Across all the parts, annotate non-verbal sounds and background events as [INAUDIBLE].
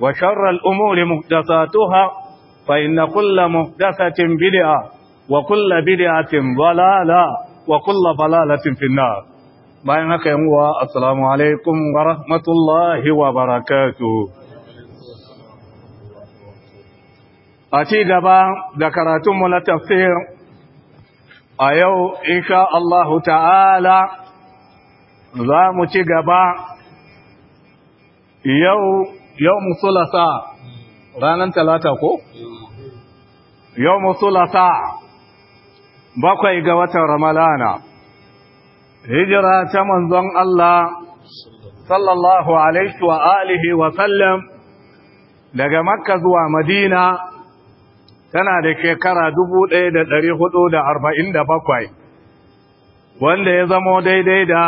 وشر الأمور مهدساتها فإن كل مهدسة بدعة وكل بدعة ضلالة وكل ضلالة في النار bayan haka yan uwa assalamu alaikum wa rahmatullahi wa barakatuh a ci gaba da karatunmu na tafsir a yau insha Allahu ta'ala za mu ci gaba yau yau musulasa ranar talata ko? yau musulasa bakwai ga watan ramalana hijira ta manzon Allah sallallahu alaihi wa alihi wa sallam daga makka zuwa madina tana da shekara bakwai, wanda ya zamo daidai da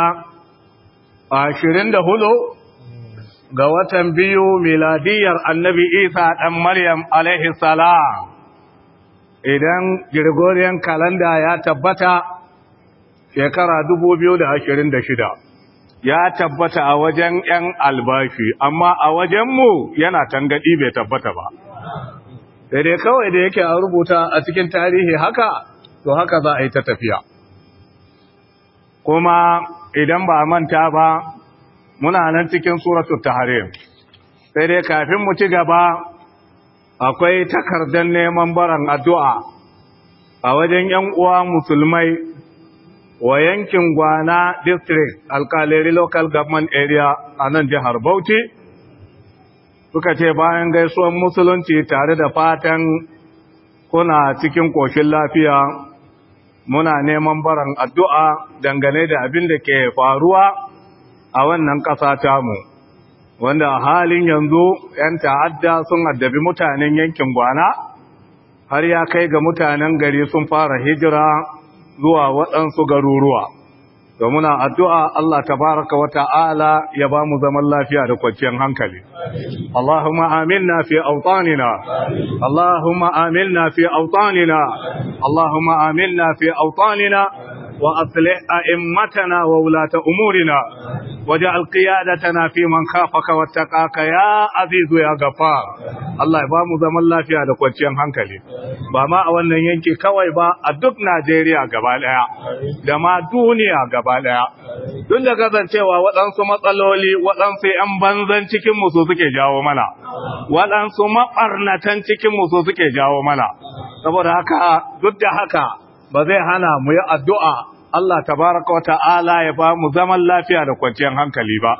ashirin da hudu ga watan biyu miladiyar annabi isa ɗan maryam alaihi salam idan gregorian kalanda ya tabbata shekara da shida, ya tabbata a wajen 'yan albashi amma a wajenmu yana tangaɗi bai tabbata ba daidai kawai da yake a rubuta a cikin tarihi haka to haka za a yi ta tafiya kuma idan ba a manta ba muna nan cikin suratul tahrim sai dai kafin mu ci gaba akwai takardar neman baran addu'a a wajen ‘yan uwa musulmai wa yankin gwana district alkaleri local government area a nan jihar Bauchi suka ce bayan gaisuwan musulunci tare da fatan kuna cikin koshin lafiya muna neman baran addu'a dangane da abin da ke faruwa a wannan ƙasa mu, wanda a halin yanzu 'yan ta'adda sun addabi mutanen yankin gwana har ya kai ga mutanen gari sun fara hijira zuwa waɗansu garuruwa da muna addu'a Allah tabaraka wa ta'ala ya ba mu zaman lafiya da kwanciyar hankali. Allahumma na fi autanina, Allahumma na fi autanina, Allahumma na fi autanina, وأصلح أئمتنا وولاة أمورنا واجعل قيادتنا في من خافك واتقاك يا عزيز يا غفار الله يبام zaman lafiya da kwanciyar hankali ba ma a wannan yanki kawai ba a duk Najeriya gaba daya da ma duniya gaba daya tun da kasancewa waɗansu matsaloli waɗansu 'yan banzan cikin mu suke jawo mana waɗansu maɓarnatan cikin mu suke jawo mana saboda haka duk da haka ba zai hana mu yi addu'a Allah tabaraka wata'ala ya ba mu zaman lafiya da kwanciyar hankali ba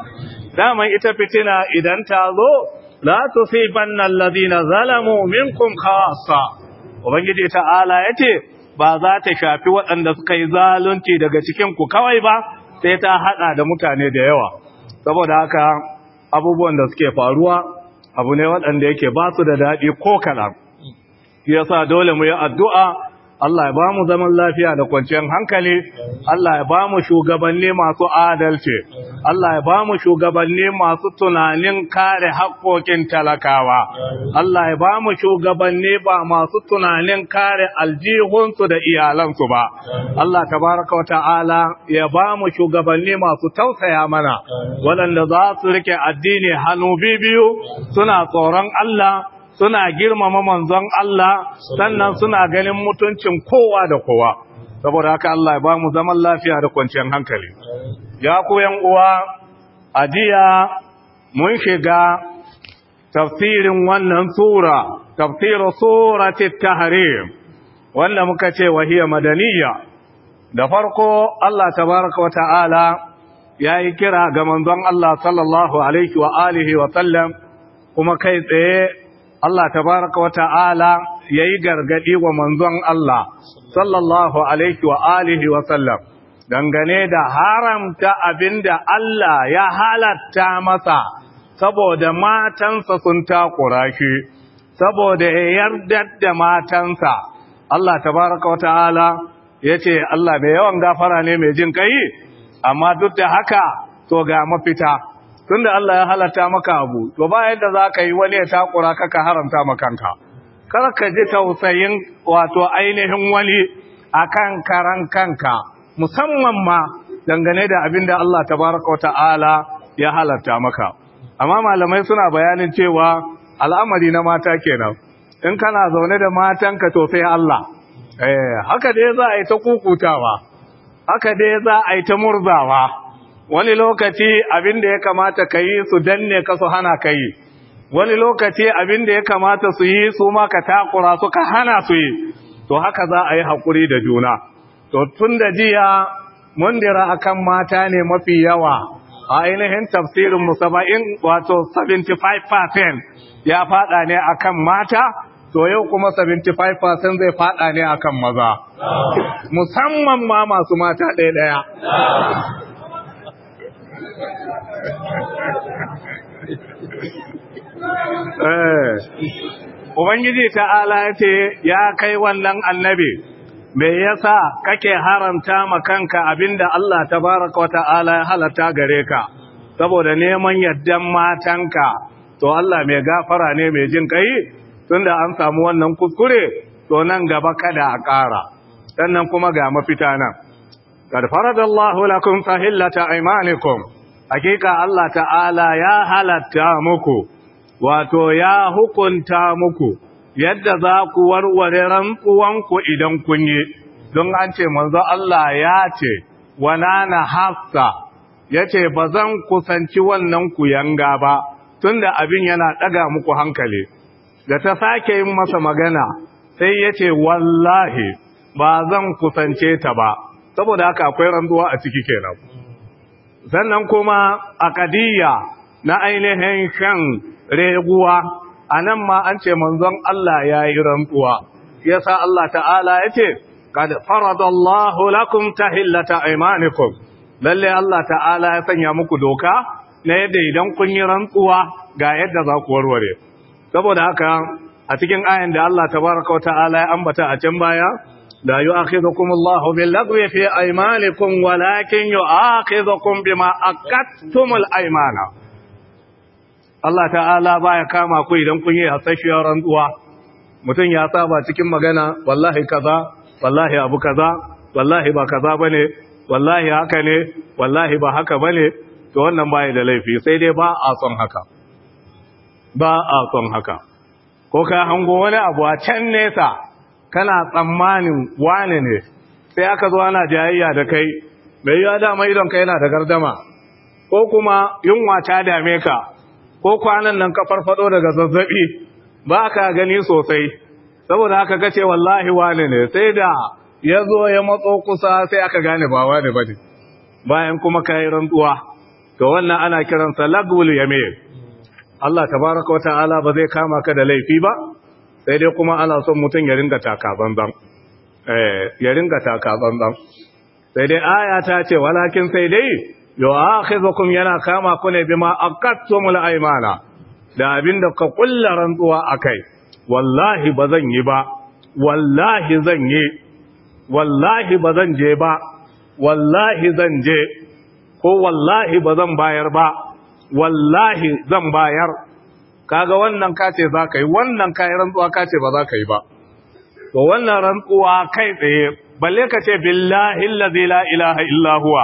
dama ita fitina idan ta zo la tusibanna alladhina zalamu minkum khassa ubangiji ta'ala yace ba za ta shafi waɗanda suka yi zalunci daga cikin ku kawai ba sai ta haɗa da mutane da yawa saboda haka abubuwan da suke faruwa abu ne waɗanda yake ba su da daɗi ko kalam yasa dole mu yi addu'a Allah ya ba mu zaman lafiya da kwanciyar hankali Allah ya ba mu shugabanni masu adalci Allah ya ba mu shugabanni masu tunanin kare haƙƙoƙin talakawa Allah ya ba mu shugabanni ba masu tunanin kare aljihunsu da iyalansu ba Allah tabaraka wa ta'ala ya ba mu shugabanni masu tausaya mana waɗanda za su rike addini hannu biyu suna tsoron Allah suna girmama manzon Allah sannan suna ganin mutuncin kowa da kowa saboda haka Allah ya ba mu zaman lafiya da kwanciyar hankali ya ku yan uwa ajiya mun shiga tafsirin wannan sura tafsirin surati tahrim wanda muka ce wahiya madaniya da farko Allah tabaaraka wa ta'ala yayi kira ga manzon Allah sallallahu alaihi wa alihi wa sallam kuma kai tsaye Allah tabaraka wa ta'ala yayi Gargaɗi wa manzon Allah sallallahu alaihi wa alihi wa sallam dangane da haramta abinda Allah ya halatta masa saboda matansa sun takura shi saboda ya yarda da matansa Allah tabaraka wa ta'ala ce Allah mai yawan gafara ne mai jin kai amma duk da haka to ga mafita tunda Allah ya halatta maka abu to ba yadda za ka yi wani ya takura ka ka haramta makanka kar ka ji tausayin wato ainihin wani akan karan kanka musamman ma dangane da abin da Allah tabaraka wa ta'ala ya halatta maka amma malamai suna bayanin cewa al'amari na mata kenan in kana zaune da matanka to sai Allah eh haka dai za a yi ta kukutawa haka dai za a yi ta murzawa wani lokaci abin da ya kamata ka yi su danne ka su hana ka yi wani lokaci abin da ya kamata su yi su ma ka takura su ka hana su yi to haka za a yi haƙuri da juna to tun da jiya mundira dira akan mata ne mafi yawa a ainihin tafsirin musaba'in wato 75% ya faɗa ne akan mata to yau kuma 75% zai faɗa ne akan maza musamman ma masu mata ɗaya ɗaya Eh. Ubangiji ta'ala ya ce, Ya kai wannan annabi, me yasa kake haramta ma kanka abinda Allah ta baraka wa ta'ala ya halatta gare ka, saboda neman yaddan matanka, to Allah mai gafara ne mai jin kai, tunda an samu wannan kuskure, to nan gaba kada a ƙara, sannan kuma ga mafita nan. Ƙarfarar Allah lakum fahillata imanikum. hakika Allah ta'ala ya halatta muku wato ya hukunta muku yadda za ku warware rantsuwanku idan kun yi don an ce manzo Allah ya ce wana na hafsa ya ce ba zan kusanci wannan ku yanga ba tunda abin yana ɗaga muku hankali da ta sake yin masa magana sai yace wallahi ba zan kusance ta ba saboda haka akwai rantsuwa a ciki kenan sannan kuma a kadiyya na ainihin shan reguwa a nan ma an ce manzon Allah ya yi rantsuwa sa Allah ta'ala ya ce kad faradallahu lakum tahillata aymanikum lalle Allah ta'ala ya sanya muku doka na yadda idan kun yi rantsuwa ga yadda za ku warware saboda haka a cikin ayan da Allah ta wa ta'ala ya ambata a can baya لا يؤاخذكم الله باللغو في أيمانكم ولكن يؤاخذكم بما أكدتم الأيمان Allah ta'ala baya kama ku idan kun yi hasashiyar rantsuwa mutum ya saba cikin magana wallahi kaza wallahi abu kaza wallahi ba kaza bane wallahi haka ne wallahi ba haka bane to wannan baya da laifi sai dai ba a son haka ba a son haka ko ka hango wani abu a can nesa kana tsammanin wane ne sai aka zo ana jayayya da kai mai yiwa dama idon ka yana da gardama ko kuma yunwa ta dame ka ko kwanan nan ka farfado daga zazzabi ba ka gani sosai saboda haka kace wallahi wane ne sai da ya zo ya matso kusa sai aka gane ba wane ba ne bayan kuma ka yi rantsuwa to wannan ana kiransa lagwul yamir Allah tabaraka wa ta'ala ba zai kama ka da laifi ba sai dai kuma ana son mutum ya ringa taka banzan eh, ya ringa taka banzan sai dai aya ta ce walakin sai dai akhizukum yana kama ku ne bima aqattumul aymana da abinda ka kulla rantsuwa akai wallahi bazan yi ba wallahi zan yi wallahi bazan je ba wallahi zan je ko wallahi bazan bayar ba wallahi zan bayar kaga wannan ka za ka yi wannan ka rantsuwa kace ce ba za ka yi ba to wannan rantsuwa kai tsaye balle ka ce billahi allazi la ilaha illa huwa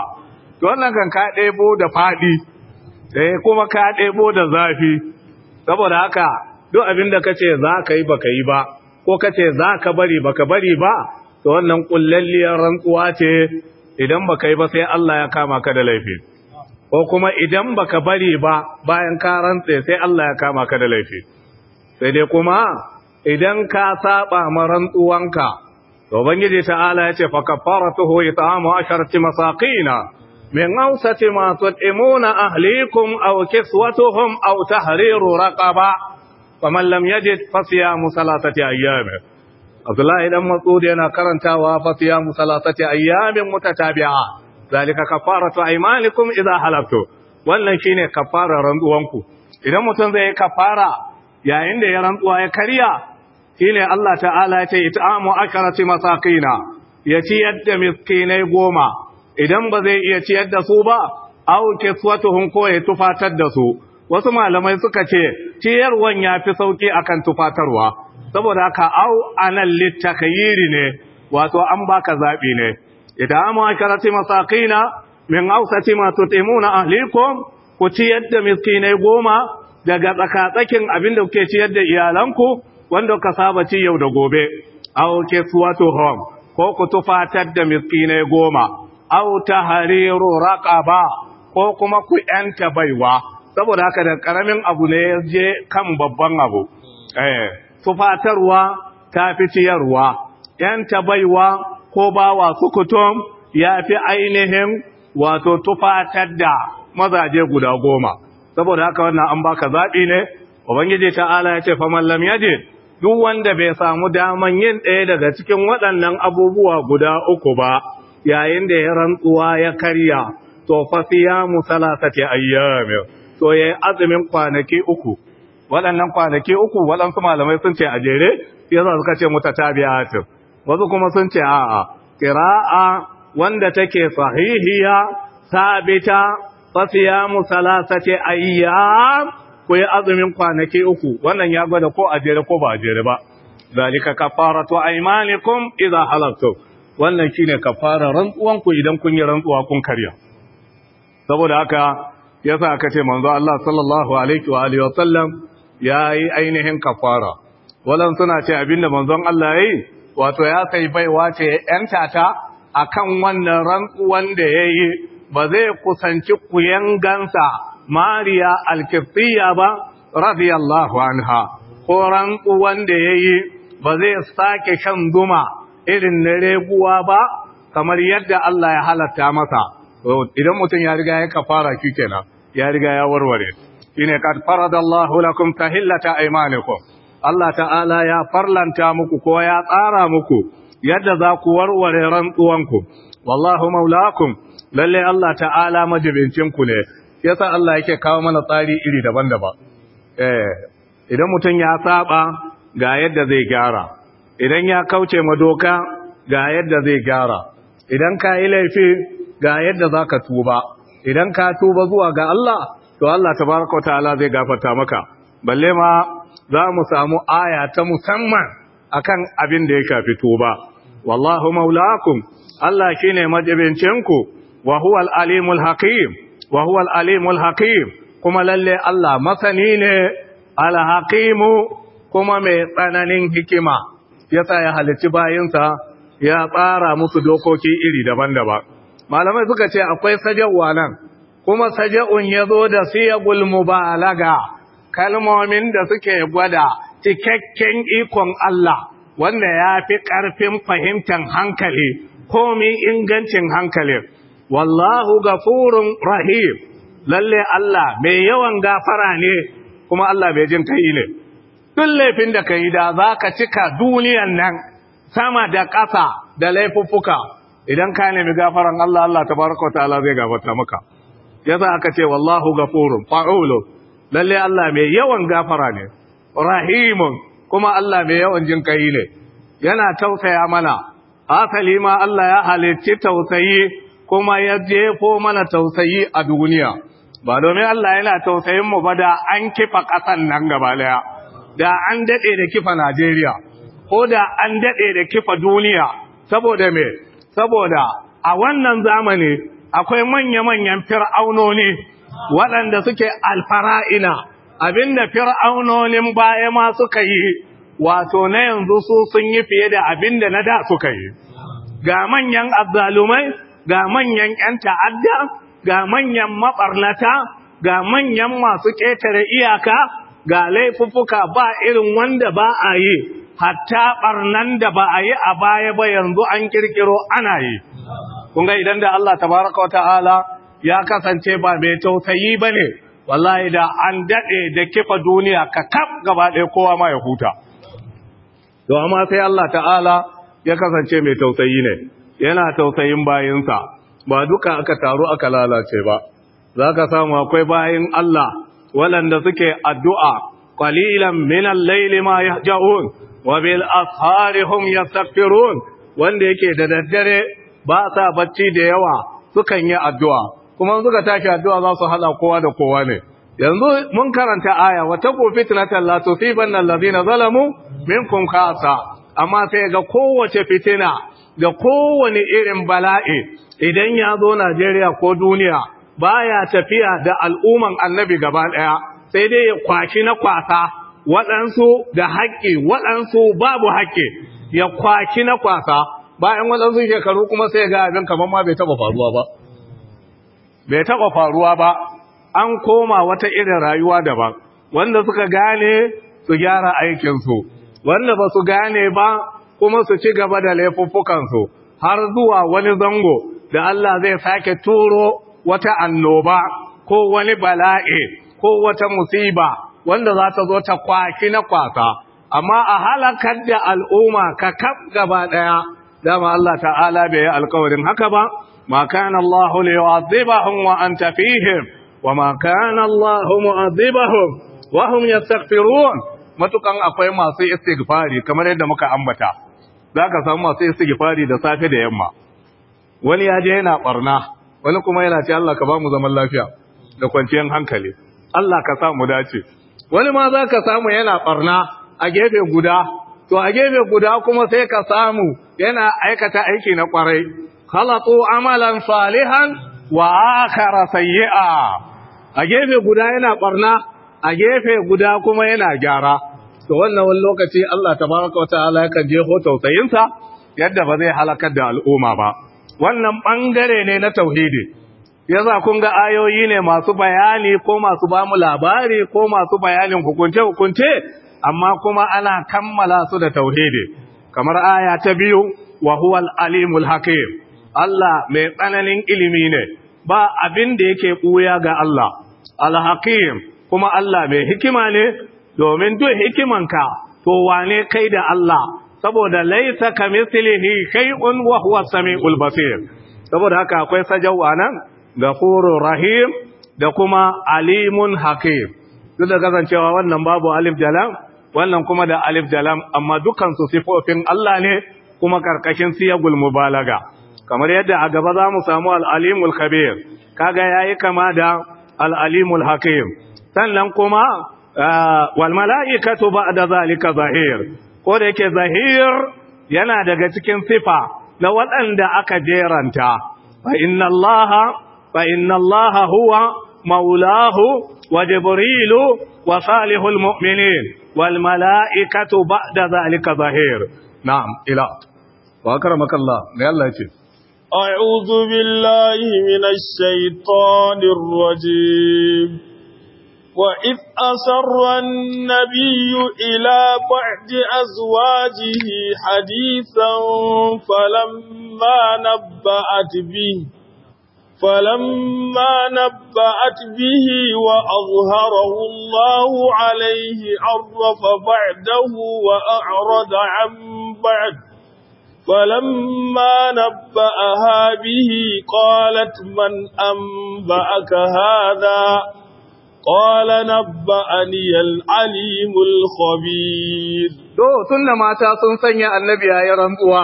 to wannan kan ka ɗebo da faɗi eh kuma ka ɗebo da zafi saboda haka duk abinda da ka ce za ka yi ba ka yi ba ko kace ce za ka bari ba ka bari ba to wannan kullalliyar rantsuwa ce idan ba ka yi ba sai Allah ya kama ka da laifi ko kuma idan baka bari ba bayan ka rantse sai Allah ya kama ka da laifi sai dai kuma idan ka saba ma rantsuwanka to ubangiji ta'ala ya ce fa kafaratuhu it'amu asharati masaqina min awsati ma tut'imuna ahlikum aw kiswatuhum aw tahriru raqaba faman lam yajid fa siyamu salatati ayyamin Abdullahi dan Mas'ud yana karantawa fa siyamu salatati ayyamin mutatabi'a zalika kafaratu aymanikum idza halaftu wannan shine kafara rantsuwanku idan mutum zai kafara yayin da ya rantsuwa ya karya shine Allah ta'ala ya ce it'amu akrati masaqina ya ciyar da miskinai goma idan ba zai iya ci yadda su ba aw kiswatuhum ko ya tufatar da su wasu malamai suka ce ciyarwan ya fi sauki akan tufatarwa saboda haka au anan littakayiri ne wato an baka zaɓi ne idamu asharati masaqina min awsati ma tutimuna ahlikum ku ciyar da miskinai goma daga tsakatsakin abin da kuke ciyar da iyalanku wanda ka saba ci yau da gobe aw kiswatuhum ko ku tufatar da miskinai goma aw tahriru raqaba ko kuma ku yanta baiwa saboda haka da karamin abu ne je kan babban abu eh tufatarwa ta fi ciyarwa yanta baiwa ko ba wa sukutum ya fi ainihin wato tufatar da mazaje guda goma saboda haka wannan an baka zaɓi ne ubangiji ta'ala ya ce faman lam ji duk wanda bai samu daman yin ɗaya daga cikin waɗannan abubuwa guda uku ba yayin da ya rantsuwa ya karya to fa siyamu salasati ayyami to yi azumin kwanaki uku waɗannan kwanaki uku waɗansu malamai sun ce a jere yanzu suka ce cikin. wasu kuma sun ce a'a a wanda take sahihiya sabita fa siyamu salasati ayyam ku yi azumin kwanaki uku wannan ya gwada ko a jere ko ba a jere ba zalika kafaratu aymanikum iza halarta wannan shine kafara rantsuwan ku idan kun yi rantsuwa kun karya saboda haka ya sa aka ce manzo Allah sallallahu alaihi wa alihi wa sallam ya yi ainihin kafara walan suna ce abinda manzon Allah yayi wato ya sai baiwa ce ya ‘yanta ta a kan wannan rantsuwan da ya yi ba zai kusanci gansa mariya alkirtiya ba radiyallahu anha ko rantsuwan da ya yi ba zai sake shan zuma irin na reguwa ba kamar yadda Allah ya halatta masa idan mutum ya riga ya kafara shi kenan ya riga ya warware shine kad faradallahu lakum tahillata aymanikum Allah ta'ala ya farlanta muku ko ya tsara muku yadda za ku warware rantsuwanku wallahu maulakun lalle Allah ta'ala majibincinku ne yasa Allah yake kawo mana tsari iri daban-daban eh idan mutum ya saba ga yadda zai gyara idan ya kauce ma doka ga yadda zai gyara idan ka yi laifi ga yadda za ka tuba idan ka tuba zuwa ga Allah to Allah tabaraka wa ta'ala zai gafarta maka balle ma za mu samu aya ta musamman akan abin da ya fito ba. wallahu maulakum Allah shine majibincinku wa huwa alimul hakim wa huwa alimul hakim kuma lalle Allah masani ne al-hakimu kuma mai tsananin hikima yasa ya halarci bayinsa ya tsara musu dokoki iri daban-daban malamai suka ce akwai sajawa nan kuma saja'un zo da siyagul mubalaga kalmomin da suke gwada cikakken ikon Allah wanda ya fi ƙarfin fahimtar hankali komi ingancin hankali wallahu gafurun rahim lalle Allah mai yawan gafara ne kuma Allah bai jin kai ne tun laifin da ka yi da za ka cika duniyan nan sama da ƙasa da laifuffuka idan ka nemi gafaran Allah Allah tabaraka wa ta'ala zai gafarta maka yasa aka ce wallahu gafurun fa'ulun. lalle Allah mai yawan gafara ne rahimun kuma Allah mai yawan kai ne yana tausaya mana asali ma Allah ya halicci tausayi kuma ya jefo mana tausayi a duniya ba domin Allah yana tausayin mu ba da an kifa ƙasan nan gaba daya da an dade da kifa Najeriya ko da an dade da kifa duniya saboda me saboda a wannan zamani akwai manya-manyan fir'aunoni waɗanda suke alfara'ina abinda fir'aunonin baya ma suka yi wato na yanzu su sun yi fiye da abinda na da suka yi ga manyan azzalumai ga manyan 'yan ta'adda ga manyan maɓarnata ga manyan masu ƙetare iyaka ga laifuffuka ba irin wanda ba a yi hatta ɓarnan da ba a yi a baya ba yanzu an ƙirƙiro ana yi kun idan da Allah tabaraka wa ta'ala ya kasance ba mai tausayi ba ne wallahi da an daɗe da kifa duniya ka kaf gaba ɗaya kowa ma ya huta to amma sai Allah ta'ala ya kasance mai tausayi ne yana tausayin bayinsa ba duka aka taru aka lalace ba za ka samu akwai bayin Allah waɗanda suke addu'a qalilan min al-layli ma yahja'un wa bil ashari hum yastaghfirun wanda yake da daddare ba sa bacci da yawa sukan yi addu'a kuma suka tashi addu'a za su hada kowa da kowa ne yanzu mun karanta aya wa taqu fitnatan la tusibanna alladhina zalamu minkum kasa. amma sai ga kowace fitina da kowane irin bala'i idan ya zo Najeriya ko duniya baya tafiya da al'umman annabi gaba ɗaya, sai dai ya kwashi na kwasa waɗansu da haƙƙi waɗansu babu haƙƙi ya kwashi na kwasa bayan waɗansu shekaru kuma sai ga abin kamar ma bai taɓa faruwa ba bai taɓa faruwa ba an koma wata irin rayuwa daban wanda suka gane su gyara aikinsu wanda ba su gane ba kuma su ci gaba da laifuffukansu har zuwa wani zango da Allah zai sake turo wata annoba ko wani bala'i ko wata musiba wanda za ta zo ta kwaki na kwasa amma a halakar da al'umma ka kaf gaba ɗaya dama Allah ta'ala bai yi alkawarin haka ba ما كان الله ليعذبهم وأنت فيهم وما كان الله معذبهم وهم يستغفرون matukan akwai masu istighfari kamar yadda muka ambata Za ka samu masu istighfari da safe da yamma wani ya je yana barna wani kuma yana ce Allah ka ba mu zaman lafiya da kwanciyar hankali Allah ka samu dace wani ma za ka samu yana barna a gefe guda to a gefe guda kuma sai ka samu yana aikata aiki na kwarai khalatu amalan salihan wa akhara sayyi'a a gefe guda yana barna a gefe guda kuma yana gyara to wannan wani lokaci Allah tabaraka wataala kan je ho tausayinsa yadda ba zai halakar da al'umma ba wannan bangare ne na tauhidi yasa kun ga ayoyi ne masu bayani ko masu bamu labari ko masu bayanin hukunce hukunce amma kuma ana kammala su da tauhidi kamar aya ta biyu wa huwal alimul hakim Allah mai tsananin ilimi ne ba abin da yake ɓuya ga Allah alhakim kuma Allah mai hikima ne domin duk hikimanka to wane kai da Allah saboda laisa kai un wa huwa samiul ulbasir. saboda haka akwai sajawa nan ghafurur rahim da kuma alimun hakim duk da kasancewa wannan babu alif jalam, wannan kuma da alif jalam amma dukansu sifofin Allah ne kuma karkashin siyagul mubalaga kamar yadda a gaba za mu samu al'alimul khabir kaga yayi kama da al'alimul hakim sannan kuma walmala'ikatu ba da zalika zahir ko da yake zahir yana daga cikin sifa na waɗanda aka jeranta fa inna allaha fa inna allaha huwa maulahu wa jibrilu wa salihul mu'minin wal mala'ikatu zalika zahir na'am ila wa akramaka ne allah ce أعوذ بالله من الشيطان الرجيم وإذ أسر النبي إلى بعد أزواجه حديثا فلما نبأت به فلما نبأت به وأظهره الله عليه عرف بعده وأعرض عن بعد ولما نبأها به قالت من أنبأك هذا قال نبأني العليم الخبير to tunda mata sun sanya annabi yayin rantsuwa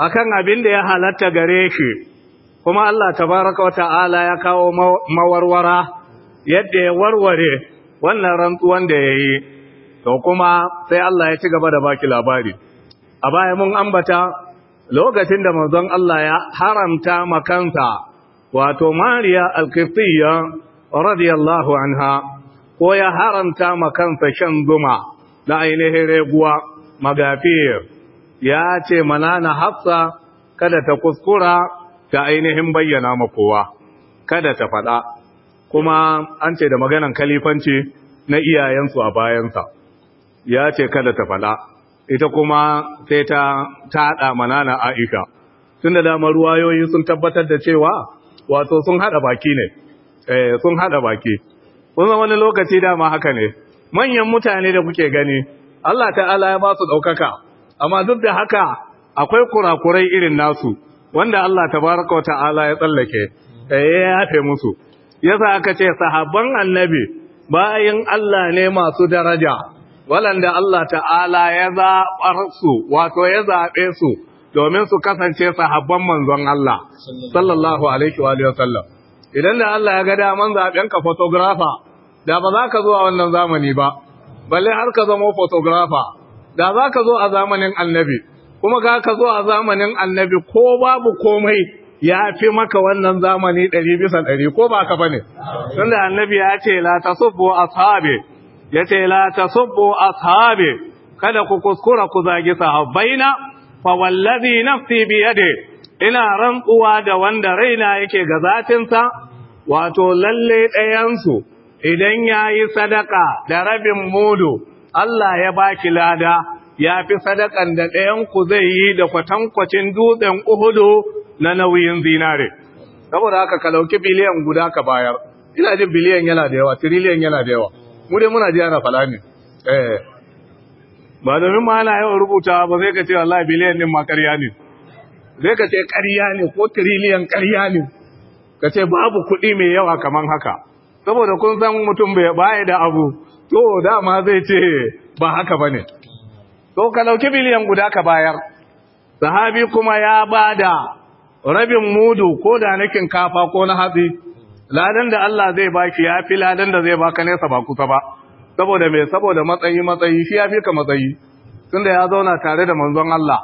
akan abin da ya halarta gare shi kuma Allah tabaraka wa ta'ala ya kawo mawarwara yadda ya warware wannan rantsuwan da yayi to kuma sai Allah ya ci gaba da baki labari a baya mun ambata lokacin da manzon Allah ya haramta makanta wato Mariya al-Qiftiyya radiyallahu anha ko ya haramta makanta shan zuma na ainihin reguwa Magafir ya ce manana hafsa kada ta kuskura ta ainihin bayyana ma kowa kada ta faɗa kuma an ce da maganan kalifanci na iyayensu a bayansa ya ce kada ta faɗa ita kuma sai ta taɗa manana aisha tun da damar ruwayoyi sun tabbatar da cewa wato sun haɗa baki ne eh, sun haɗa baki Kuma wani lokaci dama haka ne manyan mutane da kuke gani Allah ta'ala ya ba su ɗaukaka amma duk da haka akwai kurakurai irin nasu wanda Allah tabaraka wa ta'ala ya tsallake eh ya yafe musu yasa aka ce sahabban annabi bayan Allah ne masu daraja waɗanda Allah ta'ala ya zaɓar su wato ya zaɓe su domin su kasance sahabban manzon Allah sallallahu alaihi wa idan da Allah ya ga daman zaɓen ka da ba za ka zo a wannan zamani ba balle har ka zama fotografa. da za ka zo a zamanin annabi kuma ga ka zo a zamanin annabi ko babu komai ya fi maka wannan zamani ɗari bisa ɗari ko ba ka bane tunda annabi ya ce la tasubbu ashabi ya ce la ta subbu ashabi kada ku kuskura ku zagi sahabbaina fa wallazi nafsi bi yadi ina rantsuwa da wanda raina yake ga zafinsa wato lalle ɗayansu idan ya yi sadaka da rabin mudu Allah ya baki lada ya fi sadakan da ɗayanku zai yi da kwatankwacin dutsen uhudu na nauyin zinare saboda haka ka ɗauki biliyan guda ka bayar ina jin biliyan yana da yawa tiriliyan yana da yawa mu dai muna ji ana fala ne eh ba domin ma ana yawan rubuta ba sai ka ce wallahi biliyan din ma ƙarya ne sai ka ce ƙarya ne ko tiriliyan ƙarya ne ka ce babu kuɗi mai yawa kaman haka saboda kun san mutum bai baya da abu to dama zai ce ba haka bane to ka ɗauki biliyan guda ka bayar sahabi kuma ya ba da rabin mudu ko da na kafa ko na hatsi ladan da Allah zai baki ya fi ladan da zai baka nesa ba kusa ba saboda me saboda matsayi matsayi shi ya fi ka matsayi tunda ya zauna tare da manzon Allah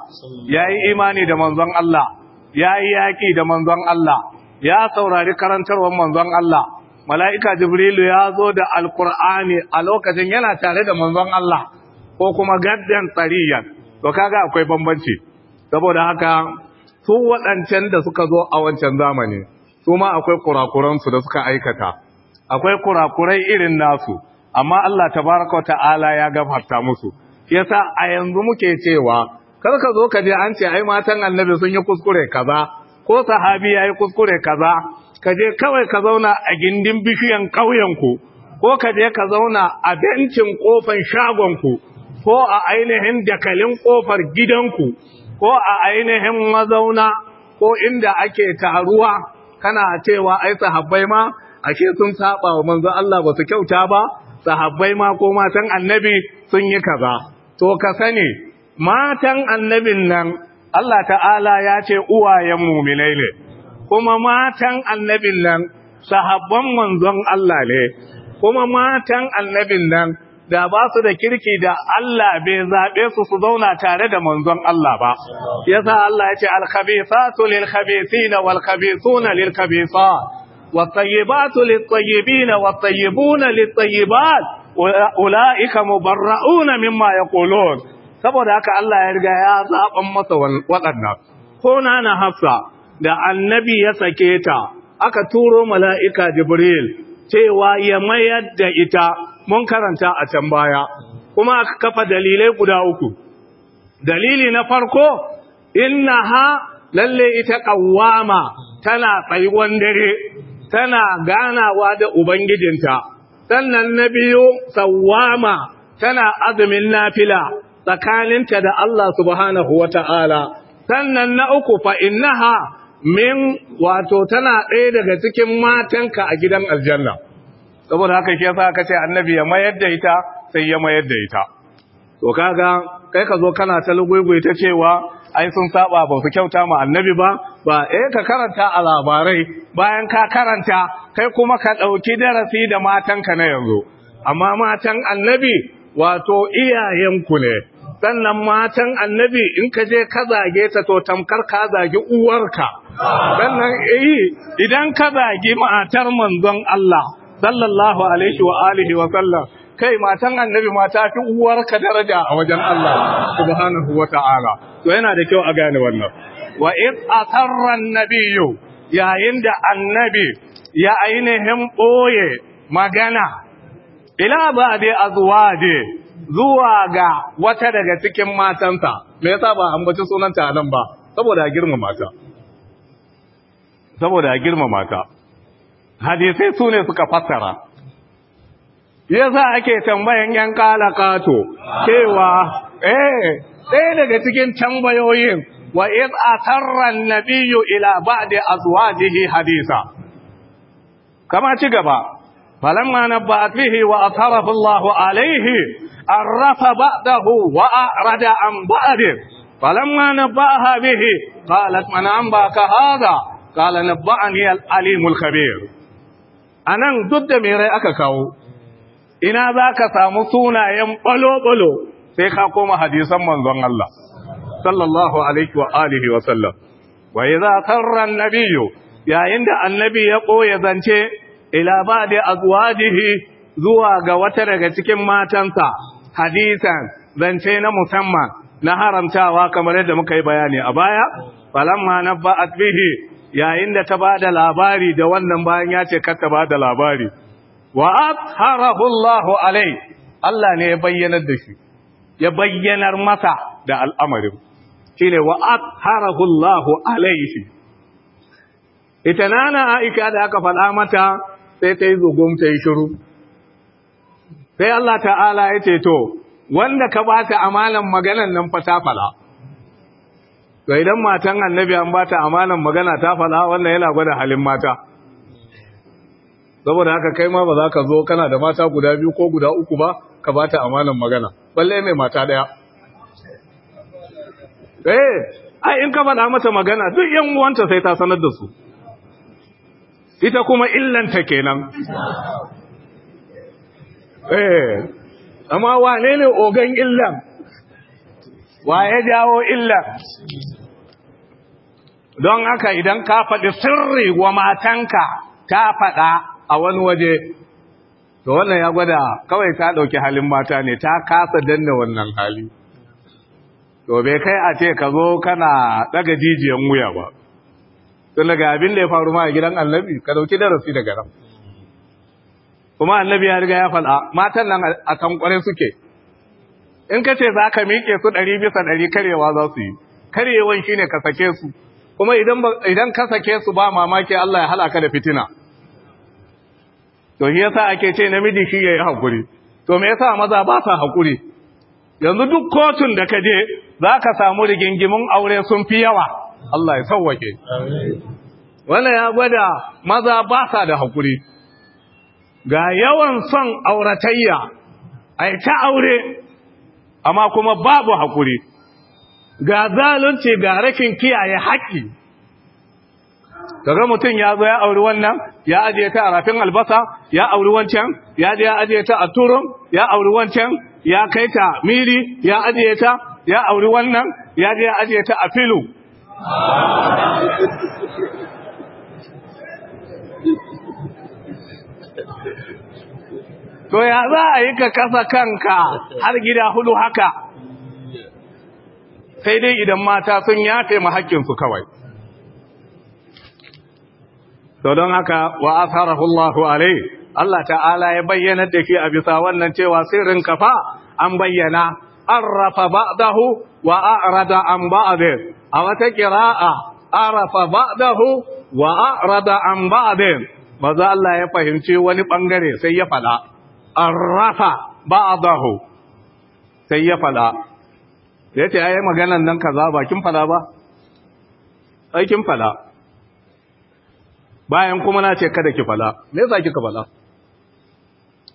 ya yi imani da manzon Allah ya yi yaƙi da manzon Allah ya saurari karantarwar manzon Allah mala'ika jibrilu ya zo da alkur'ani a lokacin yana tare da manzon Allah ko kuma gaddan tsariyan to kaga akwai bambanci saboda haka su waɗancan da suka zo a wancan zamani su ma akwai kurakuransu da suka aikata akwai kurakurai irin nasu amma Allah tabaraka ta'ala ya gafarta musu yasa a yanzu muke cewa kar ka zo ka je an ce ai matan annabi sun yi kuskure kaza ko sahabi ya yi kuskure kaza ka je kawai ka zauna a gindin bishiyan ƙauyenku ko ka je ka zauna a bencin shagon shagonku ko a ainihin dakalin ƙofar gidanku ko a ainihin mazauna ko inda ake taruwa kana cewa ai sahabbai ma ashe sun saba wa manzo Allah ba su kyauta ba sahabbai ma ko matan annabi sun yi kaza to ka sani matan annabin nan Allah ta'ala ya ce uwayen mu'minai ne kuma matan annabin nan sahabban manzon Allah ne kuma matan annabin nan da ba su da kirki da Allah bai zaɓe su su zauna tare da manzon Allah ba yasa Allah ya ce al-khabithatu lil-khabithina wal-khabithuna lil-khabithat والطيبات للطيبين والطيبون للطيبات أولئك مبرؤون مما يقولون saboda haka Allah ya riga ya zaban masa waɗannan ko nana Hafsa da annabi ya sake ta aka turo mala'ika Jibril cewa ya mayar da ita mun karanta a can baya kuma aka kafa dalilai guda uku dalili na farko innaha lalle ita qawwama tana tsayuwan dare tana ganawa da ubangijinta sannan na biyu sawwama tana azumin nafila tsakaninta da Allah subhanahu wata'ala sannan na uku fa innaha min wato tana ɗaya daga cikin matanka a gidan aljanna saboda haka shi yasa aka ce annabi ya mayar da ita sai ya mayar da ita to kaga kai ka zo kana ta lugugu ta cewa ai sun saba ba su kyauta ma annabi ba ba eh ka karanta a labarai bayan ka karanta kai kuma ka dauki darasi da matanka na yanzu amma matan annabi wato iyayenku ne sannan matan annabi in ka je ka zage ta to tamkar ka zage uwarka sannan eh idan ka zage matar manzon Allah sallallahu alaihi wa alihi wa sallam kai matan annabi mata ta fi uwarka daraja a wajen Allah subhanahu wa ta'ala to yana da kyau a gane wannan wa id atarra annabiyyu ya da annabi ya ainihin boye magana ila ba dai azwaje zuwa ga wata daga cikin matansa me yasa ba ambaci sunanta nan ba saboda girmama mata saboda girmama mata hadisai su ne suka fassara yasa ake tambayan yan kalakato cewa eh ɗaya daga cikin tambayoyin wa iz atarra nabiyyu ila ba'di azwajihi hadisa kama ci gaba falamma nabba'at bihi wa atarafa Allahu alayhi arrafa ba'dahu wa arada an ba'dihi فلما نبأها به قالت من أنبأك هذا قال نبأني العليم الخبير a nan duk da mai rai aka kawo ina za ka samu sunayen ɓalo-ɓalo? sai ka koma hadisan manzon Allah sallallahu alaihi wa alihi wa sallam wa a sarra annabiyyu yayin da annabi ya ɓoye zance ila da azwajihi zuwa ga wata daga cikin matansa hadisan zance na musamman na haramtawa kamar yadda muka yi bayani a baya falamma nabba'at bihi yayin da ta ba da labari da wannan bayan ya ce kar ta bada labari wa atharahu Allah alai Allah ne ya bayyanar da shi ya bayyanar masa da al'amarin shine wa atharahu Allah alaihi ita nana aika da aka faɗa mata sai ta yi zugum ta yi shiru sai Allah ta'ala ya ce to wanda ka bata amalan maganan nan fa ta fala to idan matan annabi an bata amanan magana ta fada wannan yana gwada halin mata saboda haka kai ma ba za ka zo kana da mata guda biyu ko guda uku ba ka bata amanan magana balle mai mata daya eh ai in ka faɗa mata magana duk yan uwanta sai ta sanar da su ita kuma illanta kenan eh amma wane ne ogan illan wa ya jawo illa don haka idan ka faɗi sirri wa matanka ta faɗa a wani waje to wannan ya gwada kawai ta ɗauki halin mata ne ta kasa danna wannan hali to bai kai a ce ka zo kana ɗaga jijiyan wuya ba tun daga abin da ya faru ma a gidan annabi ka ɗauki darasi daga nan kuma annabi ya riga ya faɗa matan nan a tankware suke in ka ce za ka miƙe su ɗari bisa ɗari karewa za su yi karewan shi ne ka sake su kuma idan ka sake su ba mamaki Allah ya halaka da fitina to shi yasa ake ce namiji shi ya yi haƙuri to me yasa maza ba sa haƙuri yanzu duk kotun da ka je za ka samu rigingimin aure sun fi yawa Allah ya sauwake wannan ya gwada maza ba sa da haƙuri ga yawan son auratayya a ta aure amma kuma babu haƙuri ga zalunci ga rashin kiyaye haƙƙi kaga mutum ya zo ya auri wannan ya ajiye ta a rafin albasa ya auri wancan ya je ya ajiye ta a turon ya auri wancan ya kai ta miri ya ajiye ta ya auri wannan ya je ya ajiye ta a filo. to ya za a yi ka kasa kanka har gida hudu haka sai dai idan mata sun yafe ma haƙƙinsu kawai to don haka wa asarahu alai Allah ta'ala ya bayyana da ke a bisa wannan cewa sirrin kafa an bayyana an da ba'dahu wa a'rada an ba'd a wata qira'a arafa ba'dahu wa a'rada an ba'd maza Allah ya fahimci wani bangare sai ya fada arrafa ba'dahu sai ya fada yace ai maganan nan kaza bakin fada ba aikin fada bayan kuma na ce kada ki fada me yasa kika fada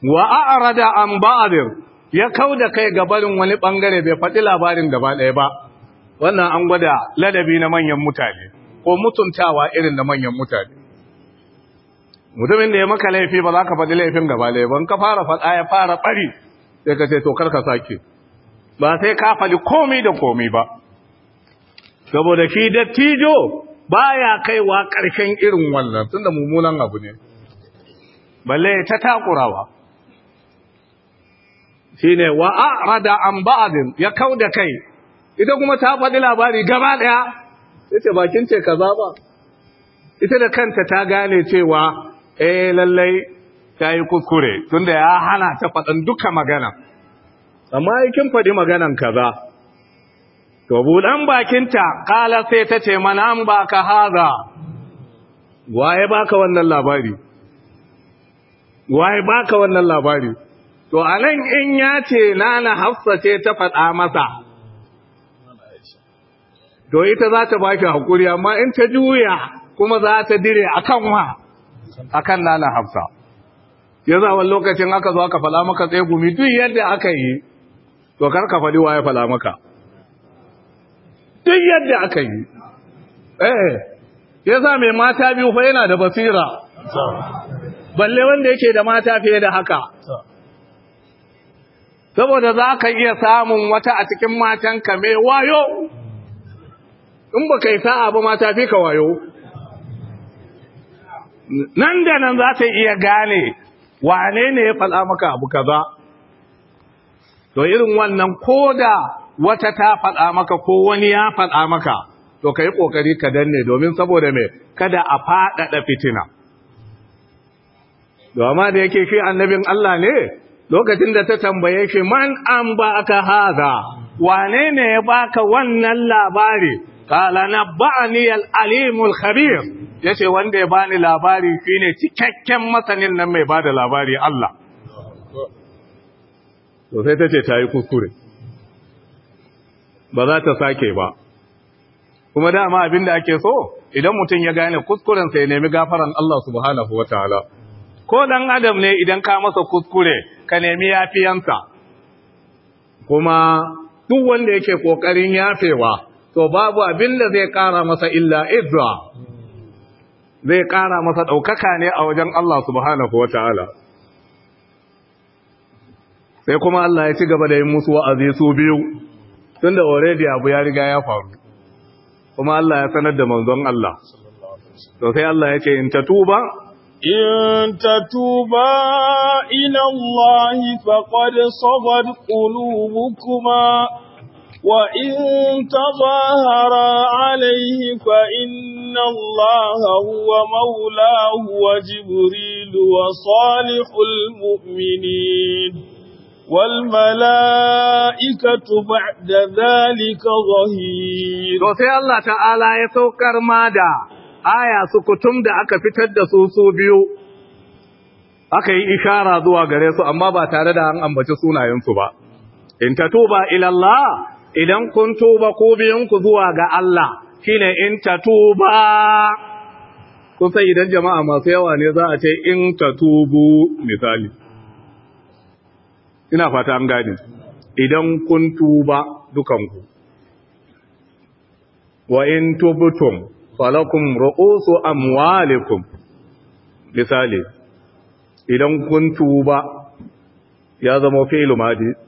wa a'rada an ba'dir ya kauda kai gabarin wani bangare bai faɗi labarin gaba ɗaya ba wannan an gwada ladabi na manyan mutane ko mutuntawa irin da manyan mutane mutumin da ya maka laifi ba za ka faɗi laifin gaba laifin ka fara faɗa ya fara ɓari sai ka ce to kar ka sake ba sai ka faɗi komi da komi ba saboda shi dattijo baya kaiwa ƙarshen irin wannan da mummunan abu ne balle ta takurawa ne wa rada an ba'din ya kau da kai ita kuma ta faɗi labari gaba daya ita bakin ce kaza ba ita da kanta ta gane cewa eh lallai ta yi kuskure tunda ya hana ta faɗin duka magana amma yi kin faɗi maganan kaza to buɗan bakinta kala sai ta ce mana an ka haza waye ka wannan labari waye baka wannan labari to a nan in ya ce nana hafsa ce ta faɗa masa to ita za ta baki hakuri amma in ta juya kuma za ta dire akan wa akan nana hafsa yanzu a lokacin aka zo aka fala maka tsaye gumi duk yadda aka yi to kar ka fadi waye fala maka duk yadda aka yi eh yasa mai mata biyu fa yana da basira balle wanda yake da mata fiye da haka saboda za ka iya samun wata a cikin matanka mai wayo in ba kai sa'a ba mata fi ka wayo nan da nan za ta iya gane wane ne ya faɗa maka abu kaza to irin wannan ko da wata ta faɗa maka ko wani ya faɗa maka to ka yi ƙoƙari ka danne domin saboda mai kada a faɗaɗa fitina domin da yake shi annabin Allah ne lokacin da ta tambaye shi man an ba ka haza wane ne ya baka wannan labari kala na al alimul khabir ya ce wanda ya bani labari shine ne cikakken masanin nan mai ba da labari Allah to sai ta ce ta yi kuskure ba za ta sake ba kuma dama abin da ake so idan mutum ya gane kuskuren sai nemi gafaran Allah subhanahu wa ta'ala ko ɗan adam ne idan ka masa kuskure ka nemi yafiyansa kuma duk wanda yake kokarin yafewa to babu abin da zai ƙara masa illa idra zai ƙara masa ɗaukaka ne a wajen Allah subhanahu wata'ala sai kuma Allah ya ci gaba da yi musu wa'azi su biyu tun da already abu ya riga ya faru kuma Allah ya sanar da manzon Allah to sai Allah ya ce in ta ta tuba ina إلى الله فقد صغت قلوبكما وإن تظاهر عليه فإن الله هو مولاه وجبريل وصالح المؤمنين والملائكة بعد ذلك ظهير to sai Allah ta'ala ya saukar ma da aya sukutum da aka fitar da su su biyu aka yi ishara zuwa gare su amma ba tare da an ambaci sunayensu ba in tatuba ila idan kun tuba ku biyunku zuwa ga Allah shine in ta tuba kusa idan jama'a masu yawa ne za a ce in ta tubu misali ina fata an gane idan kun tuba dukanku wa in tubtum falakum ru'usu amwalikum misali idan kun tuba ya zama fi'il madi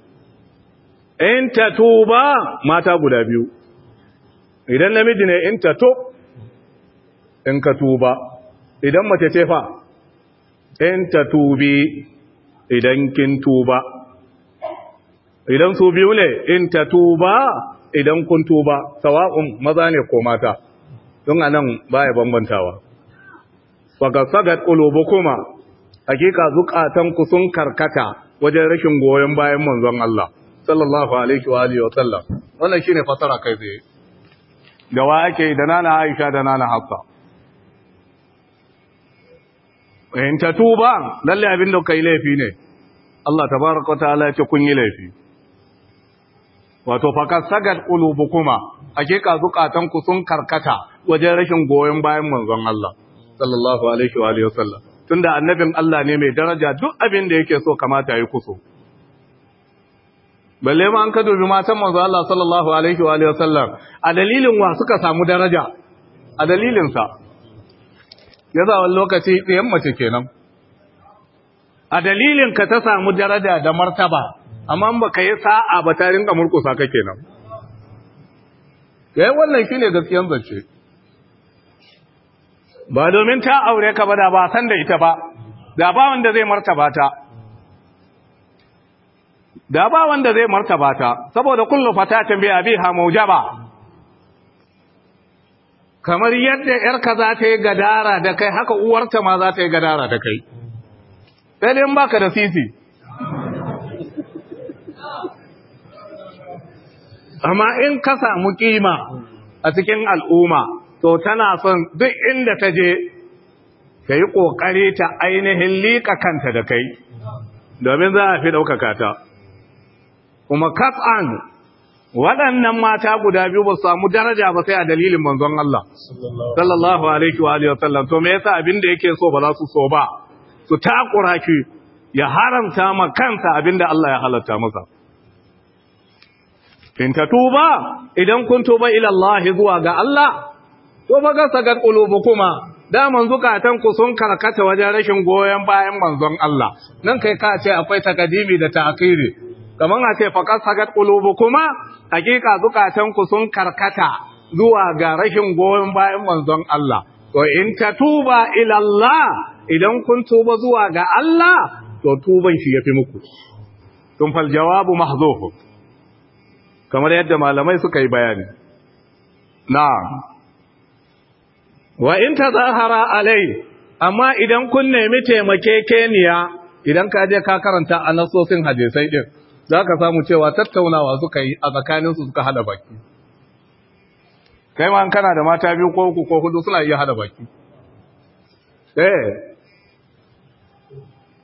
in ta tuba, mata guda biyu idan namiji ne in ta tub in ka tuba idan mace ce fa in tubi, idan kin tuba idan su biyu ne in ta tuba, idan kun tuba sawa'un maza ne ko mata don anan baya bambantawa ulubu kuma. hakika ku sun karkata wajen rashin goyon bayan manzon Allah sallallahu alaihi wa alihi wa sallam wannan shine fasara kai tsaye da wa yake da nana Aisha da nana Hafsa in ta tuba lalle abin da kai laifi ne Allah tabaraka ta'ala ya ce kun yi laifi wato fakat sagat qulubukuma hakika zukatan ku sun karkata wajen rashin goyon bayan manzon Allah sallallahu alaihi wa alihi sallam tunda annabin Allah ne mai daraja duk abin da yake so kamata yi kuso balle ma an ka dubi matan manzo Allah sallallahu alaihi wa alihi wasallam a dalilin wa suka samu daraja a dalilin sa yaza wani lokaci tsayen mace kenan a dalilin ka ta samu daraja da martaba amma ba ka yi sa'a ba ta rinka murƙusa ka kenan yayin eh, wannan shine gaskiyan zance ba domin ta aure ka ba da ba san da ita ba da ba wanda zai martaba ta da ba wanda zai martaba ta saboda kullu fatatin bi ha mujaba kamar yadda yarka za ta yi gadara da kai haka uwarta ma za ta yi gadara da kai sai dai in baka da sisi amma in ka samu kima a cikin al'umma to tana son duk inda ta je ka yi ƙoƙari ta ainihin liƙa kanta da kai domin za a fi ɗaukaka ta kuma kat'an waɗannan mata guda biyu ba su samu daraja ba sai a dalilin manzon Allah sallallahu alaihi wa alihi wasallam to me yasa abin da yake so ba za su so ba su takura ki ya haramta ma kansa abin da Allah ya halatta masa in ta tuba idan kun tuba ila Allah zuwa ga Allah to ba ga sagar kuma da man zukatan ku sun karkata wajen rashin goyen bayan manzon Allah nan kai ka ce akwai takadimi da ta'khiri kamar a ce faqad ƙulubu kuma hakika zukatanku sun karkata zuwa ga rashin goyon bayan manzon Allah to in ta tuba Allah idan kun tuba zuwa ga Allah to tuban shi fi muku tun fal jawabu mahzufu kamar yadda malamai suka yi bayani Na. wa in ta zahara alai amma idan kun nemi taimake keniya, idan ka je ka karanta a nasosin hadisai ɗin. za ka samu cewa tattaunawa suka yi a tsakaninsu suka hada baki kai ma kana da mata biyu ko uku ko hudu suna iya hada baki eh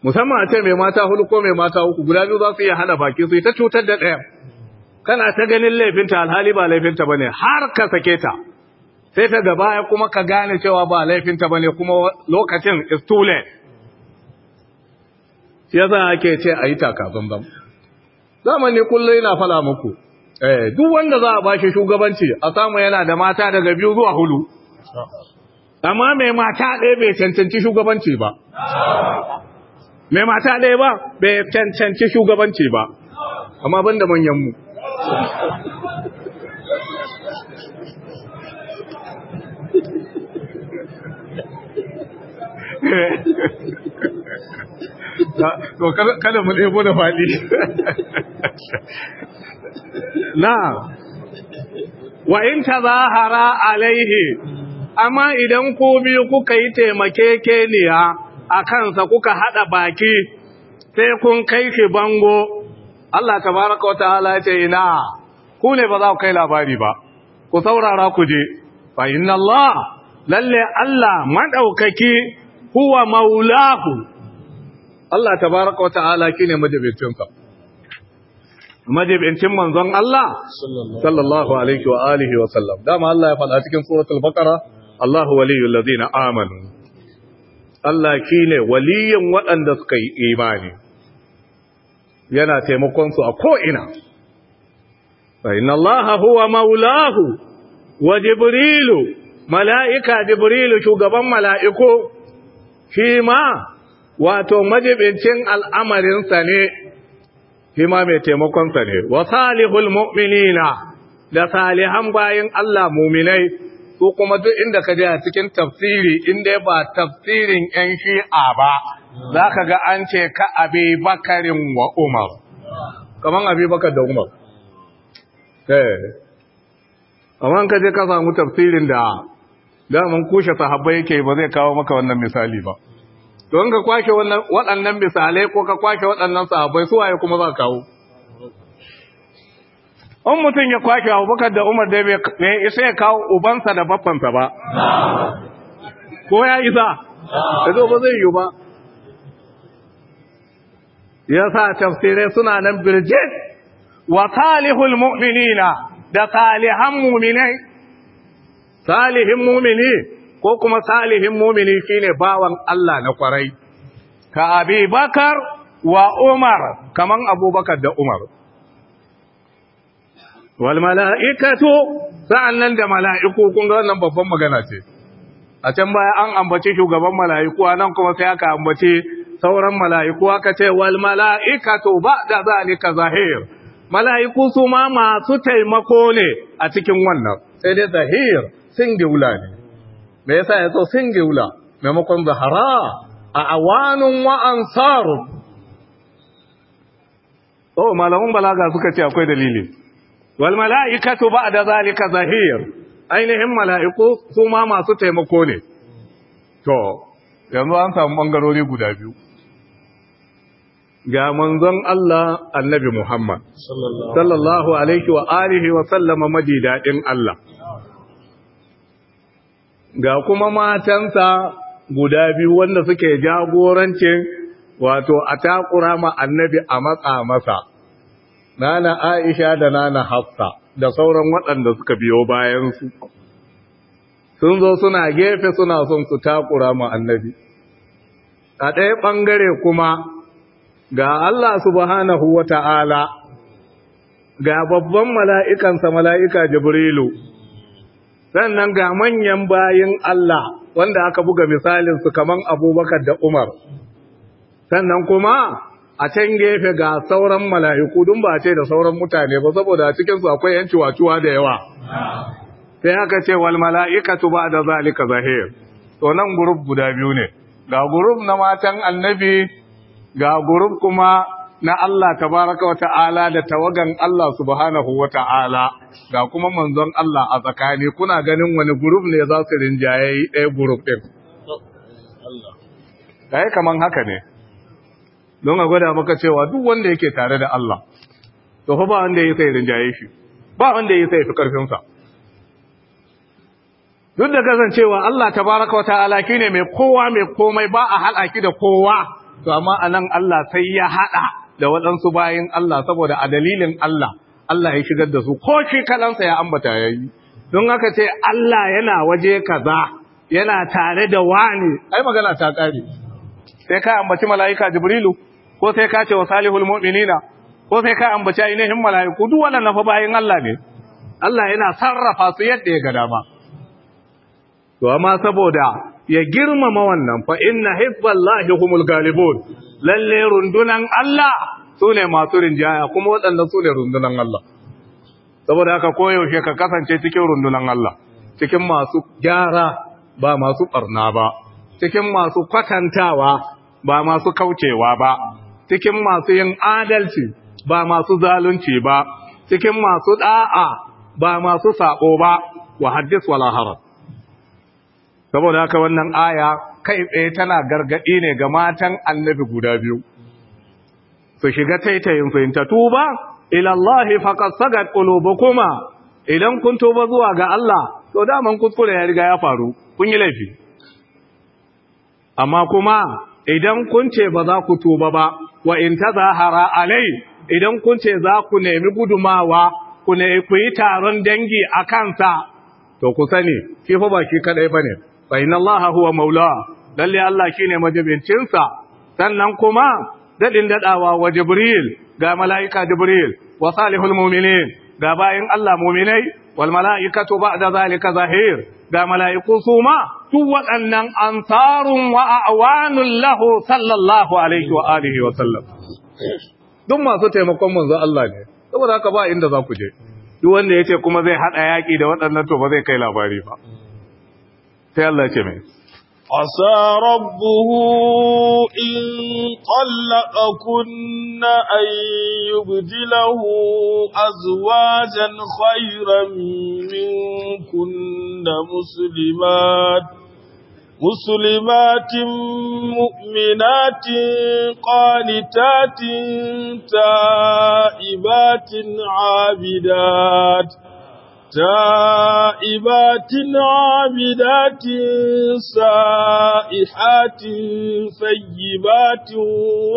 musamman a ce mai mata hudu ko mai mata uku guda biyu za su iya hada baki su yi ta cutar da ɗaya kana ta ganin laifinta alhali ba laifinta bane har ka sake ta sai ta gaba ya kuma ka gane cewa ba laifinta bane kuma lokacin is too late yasa ake ce a yi taka bambam. zamani kullum yana fala muku eh duk wanda za a bashi shugabanci a samu yana da mata daga biyu zuwa hulu amma mai mata ɗaya bai cancanci shugabanci ba mai mata ɗaya ba bai cancanci shugabanci ba amma ban da mu Yeah. [LAUGHS] to kada mu ɗebo da faɗi na wa in tazahara alaihi amma idan ku biyu kuka yi taimakekeniya a kansa kuka haɗa baki sai kun kai ki bango Allah tabaraka wa ta'ala ce ina ku ne ba za ku kai labari ba ku saurara ku je fa inna Allah lalle Allah madaukaki huwa maulahu Allah tabaraka wa ta'ala shine madabicin sa majibincin manzon Allah sallallahu alaihi wa alihi wa sallam dama Allah ya faɗa cikin suratul baqara Allahu waliyul ladina amanu Allah shine waliyin waɗanda suka yi imani yana taimakon su a ko ina fa inna Allah huwa maulahu wa jibrilu mala'ika jibrilu shugaban mala'iku shi ma wato majibincin al'amarinsa ne hima mai taimakonsa ne wa salihul mu'minina da salihan bayin Allah muminai ko kuma duk inda ka je a cikin tafsiri inda ba tafsirin ‘yan shi'a ba za ka ga an ce ka abi bakarin wa umar kamar abi bakar da umar eh. amma ka je ka samu tafsirin da daman kushe sahabbai yake ba zai kawo maka wannan misali ba don ka kwashe waɗannan misalai ko ka kwashe waɗannan sahabai su waye kuma za ka kawo in mutum ya kwashe abubakar da umar da ya isa ya kawo ubansa da baffansa ba ko ya isa ya zo ba zai yi ba ya sa tafsirai suna nan birjit wa salihul mu'minina da salihan mu'minai salihin mu'mini ko kuma salihin mumini shine bawan Allah na kwarai ka abi wa umar kaman abubakar da umar wal mala'ikatu sa'annan da mala'iku kun ga wannan babban magana ce a can baya an ambace shugaban mala'iku nan kuma sai aka ambace sauran mala'iku aka ce wal mala'ikatu ba'da zalika zahir mala'iku su ma masu taimako ne a cikin wannan sai dai zahir gaula ne me yasa yazo so singular maimakon zahara a awanun wa ansarun oh malamun balaga suka ce akwai dalili wal mala'ikatu ba'da zalika zahir ainihin mala'iku su ma masu taimako ne to yanzu an samu bangarori guda biyu ga manzon Allah annabi Muhammad sallallahu alaihi wa alihi wa sallama Allah ga kuma matansa guda biyu wanda suke jagorancin wato a takura ma annabi a matsa masa nana aisha da nana hafsa da sauran waɗanda suka biyo bayansu sun zo suna gefe suna son su takura ma annabi a ɗaya ɓangare kuma ga Allah subhanahu wa ta'ala ga babban mala'ikansa mala'ika jibrilu sannan ga manyan bayin Allah wanda aka buga misalin su kaman abubakar da umar sannan kuma a can gefe ga sauran mala'iku dun ba ce da sauran mutane ba saboda cikin su akwai yanci wacuwa da yawa sai aka ce wal mala'ikatu ba da zalika zahir to nan gurub guda biyu ne ga gurub na matan annabi ga gurub kuma na Allah tabaraka wata'ala da tawagan Allah subhanahu wata'ala ga kuma manzon Allah a tsakani kuna ganin wani group ne za su rinjaye ɗaya group ɗin yi kaman haka ne don a gwada maka cewa duk wanda yake tare da Allah to fa ba wanda ya sai rinjaye shi ba wanda ya sai fi karfin sa duk da kasancewa Allah tabaraka wata'ala ne mai kowa mai komai ba a halaki da kowa to amma anan Allah sai ya hada da waɗansu bayan Allah saboda a dalilin Allah Allah ya shigar da su ko shi kalansa ya ambata ya yi. don haka ce Allah yana waje kaza yana tare da wani ai magana ta kare sai ka ambaci malaika jibrilu ko sai ka ce wa salihul mu'minina ko sai ka ambaci ainihin malaiku duk na fa bayan Allah ne Allah yana sarrafa su yadda ya ga dama to amma saboda ya girmama wannan fa inna hibballahi humul galibun lalle rundunan Allah su ne masu rinjaya kuma waɗanda su ne rundunan Allah saboda haka koyaushe ka kasance cikin rundunan Allah cikin masu gyara ba masu ɓarna ba cikin masu kwatantawa ba masu kaucewa ba cikin masu yin adalci ba masu zalunci ba cikin masu ɗa'a ba masu saɓo ba wa haddis wala saboda haka wannan aya kai tsaye tana gargaɗi ne ga matan annabi guda biyu su shiga taitayin fahimta tuba ilallahi faqad sagat kuma idan kun tuba zuwa ga Allah to daman kuskure ya riga ya faru kun yi laifi amma kuma idan kun ce ba za ku tuba ba wa in ta zahara alai idan kun ce za ku nemi gudumawa ku ne ku yi taron dangi a kansa to ku sani shi fa ba shi ba bane fa inna huwa maula lalle Allah shine majibincinsa sannan kuma dadin dadawa wa jibril ga malaika jibril wa salihul mu'minin ga bayin Allah mu'minai wal malaikatu ba'da zalika zahir ga malaiku suma su waɗannan ansarun wa a'wanul lahu sallallahu alaihi wa alihi wa sallam duk masu taimakon manzo Allah ne saboda haka ba inda za ku je duk wanda yace kuma zai hada yaki da waɗannan to ba zai kai labari ba sai Allah ya ce mai عسى ربه إن طلقكن أن يبدله أزواجا خيرا منكن مسلمات مسلمات مؤمنات قانتات تائبات عابدات تائبات عابدات سائحات فيبات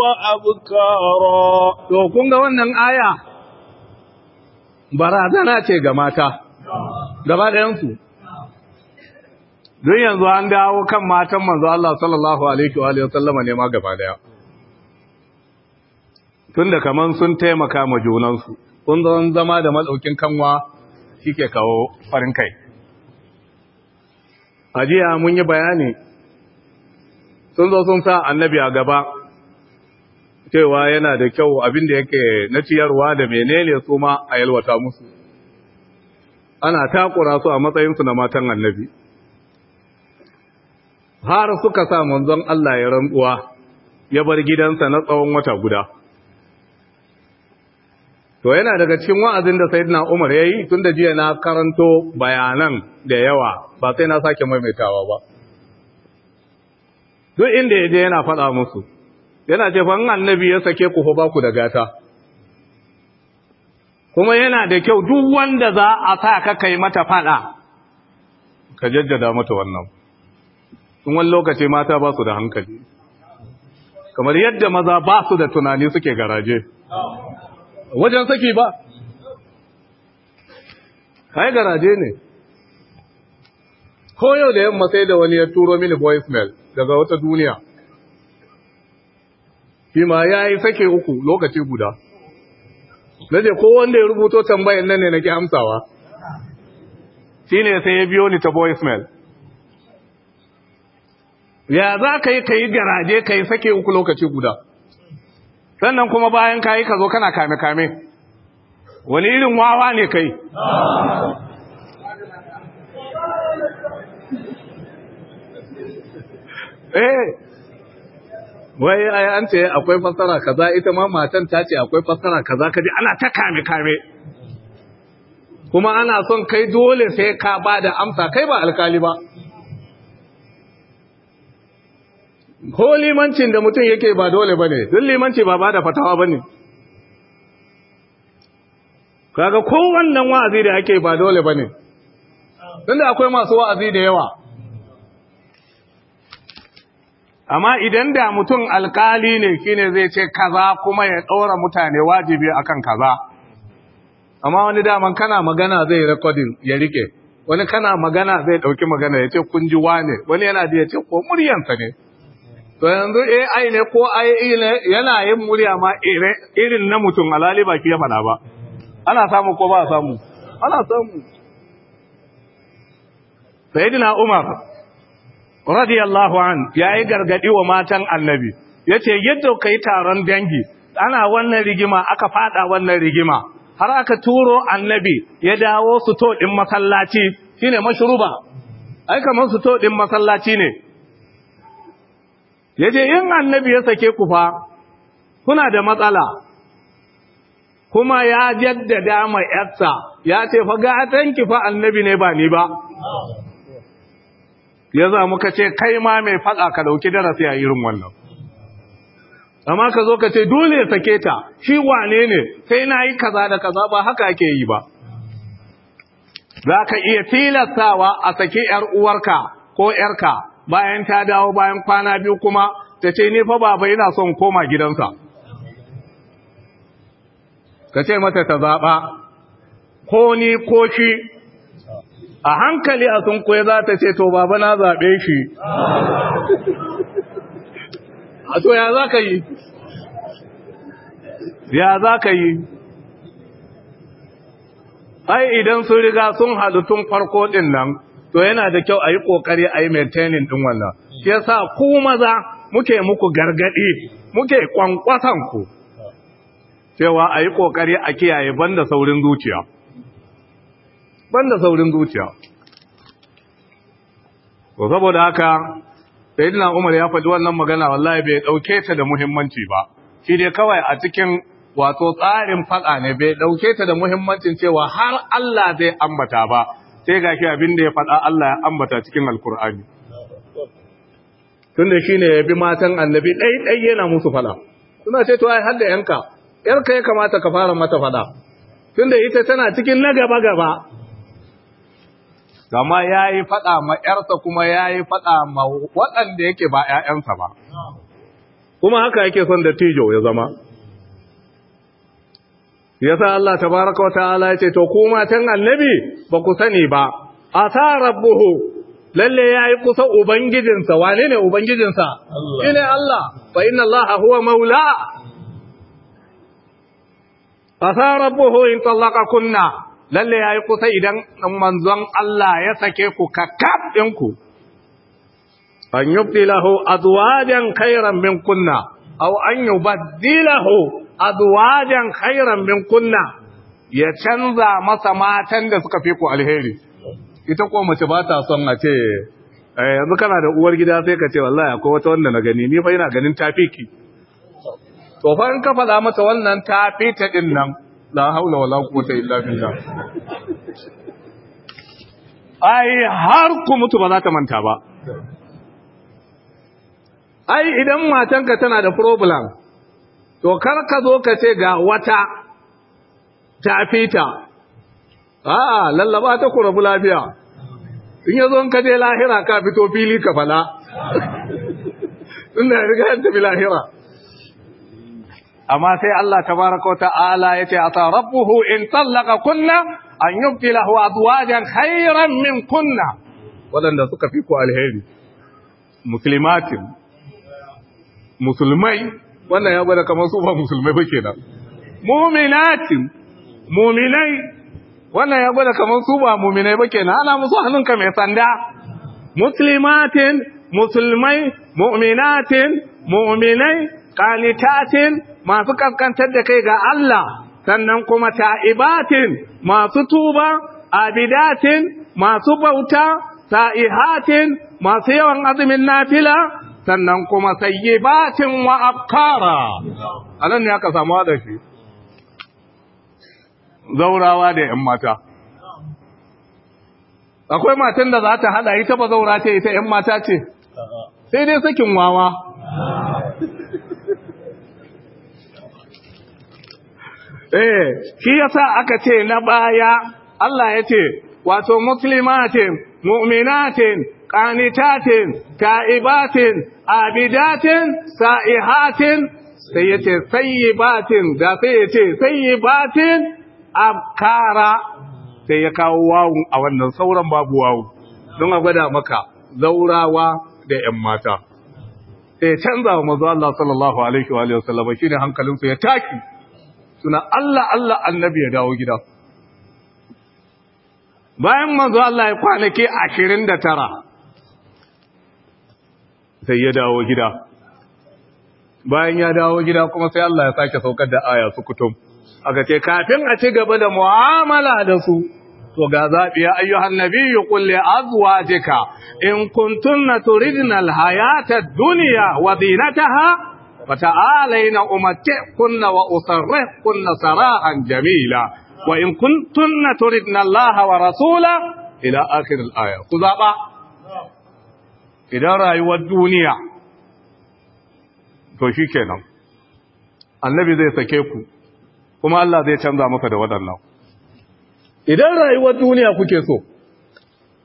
وأبكارا to kun ga wannan aya barazana ce ga mata gaba don yanzu an dawo kan matan manzo Allah sallallahu alaihi wa sallama ne ma gaba daya tunda kaman sun taimaka ma junansu kun zama da malaukin kanwa shi ke kawo farin kai a jiya mun yi bayani sun zo sun sa annabi a gaba cewa yana da kyau abinda yake na ciyarwa da menene su ma a yalwata musu ana takura su a matsayinsu na matan annabi har suka sa manzon Allah ya rantsuwa ya bar gidansa na tsawon wata guda to yana daga cikin wa'azin da sayyidina Umar ya yi tun da jiya na karanto bayanan da yawa ba sai na sake maimaitawa ba duk inda yaje yana faɗa musu yana ce fa annabi ya sake ku fa ba ku da gata kuma yana da kyau duk wanda za a sa ka kai mata faɗa ka jaddada mata wannan tun wani lokaci mata ba su da hankali kamar yadda maza ba su da tunani suke garaje wajen saki ba kai garaje ne ko yau da yamma sai da wani ya turo mini voicemail daga wata duniya Fima ya yi sake uku lokaci guda na je ko wanda ya rubuto tambayan nan ne na ki hamsawa. shi ne sai ya biyo ni ta voicemail ya za ka yi ka yi garaje ka yi sake uku lokaci guda sannan kuma bayan kayi ka zo kana kame kame wani irin wawa ne kai eh wai ai an ce akwai fassara kaza ita ma matan ta ce akwai fassara kaza kaji ana ta kame kame kuma ana son kai dole sai ka bada amsa kai ba alkali ba ko limancin da mutum yake ba dole ba ne don limanci ba ba da fatawa ba ne kaga ko wa'azi da ake ba dole ba ne don da akwai masu wa'azi da yawa amma idan da mutum alkali ne shi ne zai ce kaza kuma ya ɗora mutane wajibi akan kaza amma wani daman kana magana zai rekodin ya rike wani kana magana zai ɗauki magana ya ce kun ji wane wani yana da ya ce ko muryansa ne to yanzu AI ne ko AI e ne yana yin murya ma irin na mutum alali ba ki ya ba ana samu ko ba samu ana samu sayyidina Umar radiyallahu an yayi gargadi wa matan annabi yace yadda kai taron dangi ana wannan rigima aka fada wannan rigima har aka turo annabi ya dawo su to din masallaci shine mashruba ai kamar su to din masallaci ne ya je in annabi ya sake ku fa kuna da matsala kuma ya jaddada mai yarsa ya ce fa gatanki fa annabi ne ba ni ba ya za muka ce kai ma mai faɗa ka dauki darasi a irin wannan amma ka zo ka ce dole sake ta shi wane ne sai na yi kaza da kaza ba haka ake yi ba za ka iya tilastawa a sake ‘yar uwarka ko ‘yarka bayan ta dawo bayan kwana biyu kuma ta ce ni fa baba yana son koma gidansa ka ce mata ta zaɓa ko ni ko shi a hankali a sun koya za ta ce to baba na zaɓe shi a to ya za ka yi ya za ka yi ai idan sun riga sun halittun farko din nan to yana da kyau a yi ƙoƙari a yi maintaining ɗin wannan shi yasa ku maza muke muku gargaɗi muke ƙwanƙwasan ku cewa a yi ƙoƙari a kiyaye banda saurin zuciya banda saurin zuciya to saboda haka sayyidina Umar ya faɗi wannan magana wallahi bai dauke ta da muhimmanci ba shi dai kawai a cikin wato tsarin faɗa ne bai dauke ta da muhimmancin cewa har Allah zai ambata ba sai shi abin da ya faɗa Allah ya ambata cikin alkur'ani tunda shi ne ya bi matan annabi ɗai ɗai yana musu fada suna ce to ai har da yanka yarka ya kamata ka fara mata fada tunda ita tana cikin na gaba gaba kama yayi faɗa ma yarsa kuma yayi faɗa ma waɗanda yake ba ƴaƴansa ba kuma haka yake son da tijo ya zama yasa Allah tabaraka wa ta'ala ya ce to ku matan annabi ba ku sani ba asa rabbuhu lalle yayi kusa ubangijinsa wane ne ubangijinsa ine Allah fa inna Allah huwa maula asa rabbuhu in kunna lalle yayi kusa idan manzon Allah ya sake ku kakkab ɗinku an yubdilahu azwajan khairan min kunna aw an yubdilahu azwajan khairan min kunna ya canza masa matan da suka fi ku alheri ita ko mace ba ta son a ce yanzu kana da uwar gida sai ka ce wallahi akwai wata wanda na gani ni fa ina ganin tafiki to fa in ka faɗa mata wannan tafita din nan la haula wala quwwata illa billah ai har ku mutu ba za ta manta ba ai idan matanka tana da problem to kar ka zo ka ce ga wata ta fita a'a lallaba ta ku rabu lafiya in ya zo ka je lahira ka fito fili ka fala tunda [LAUGHS] ya riga ya tafi lahira amma sai Allah tabaraka ta'ala yace ata rabbuhu in tallaqa kunna an yubtilahu azwajan khayran min kunna wadanda suka fi ku alheri muslimatin musulmai wannan ya gwada kamar su ba musulmai ba kenan mu'minatin mu'minai wannan ya gwada kamar su ba mu'minai ba kenan ana musu hannunka mai sanda muslimatin musulmai mu'minatin mu'minai qanitatin masu kaskantar da kai ga Allah sannan kuma ta'ibatin masu tuba abidatin masu bauta sa'ihatin masu yawan azumin nafila sannan kuma batin wa abkara anan ne aka samu shi zaurawa da ƴan mata akwai matan da za ta hada ita ba zaura ce ita ƴan mata ce sai dai sakin wawa eh shi yasa aka ce na baya Allah ya ce wato muslimatin mu'minatin qanitatin ta'ibatin abidatin sa'ihatin sai ya ce sayyibatin da sai ya ce sayyibatin abkara sai ya kawo wawu a wannan sauran babu wawu don a gwada maka zaurawa da ‘yan mata sai canza wa manzo Allah sallallahu Alaihi wa sallama shi ne hankalinsu ya taki suna Allah Allah annabi ya dawo gida bayan manzo Allah ya kwanaki ashirin da tara sai ya dawo gida bayan ya dawo gida kuma sai Allah ya sake saukar da aya su kutum aka ce kafin a ci gaba da mu'amala da su to ga zaɓi ya ayyuhan nabiyyu qul li azwajika in kuntunna turidna al-hayata ad-dunya wa zinataha fata'alaina kunna wa usarrihkunna sarahan jamila wa in kuntunna turidna Allah wa rasula ila akhir al-aya ku zaba idan rayuwar duniya to shi kenan annabi zai sake ku kuma Allah zai canza maka da waɗannan idan rayuwar duniya kuke so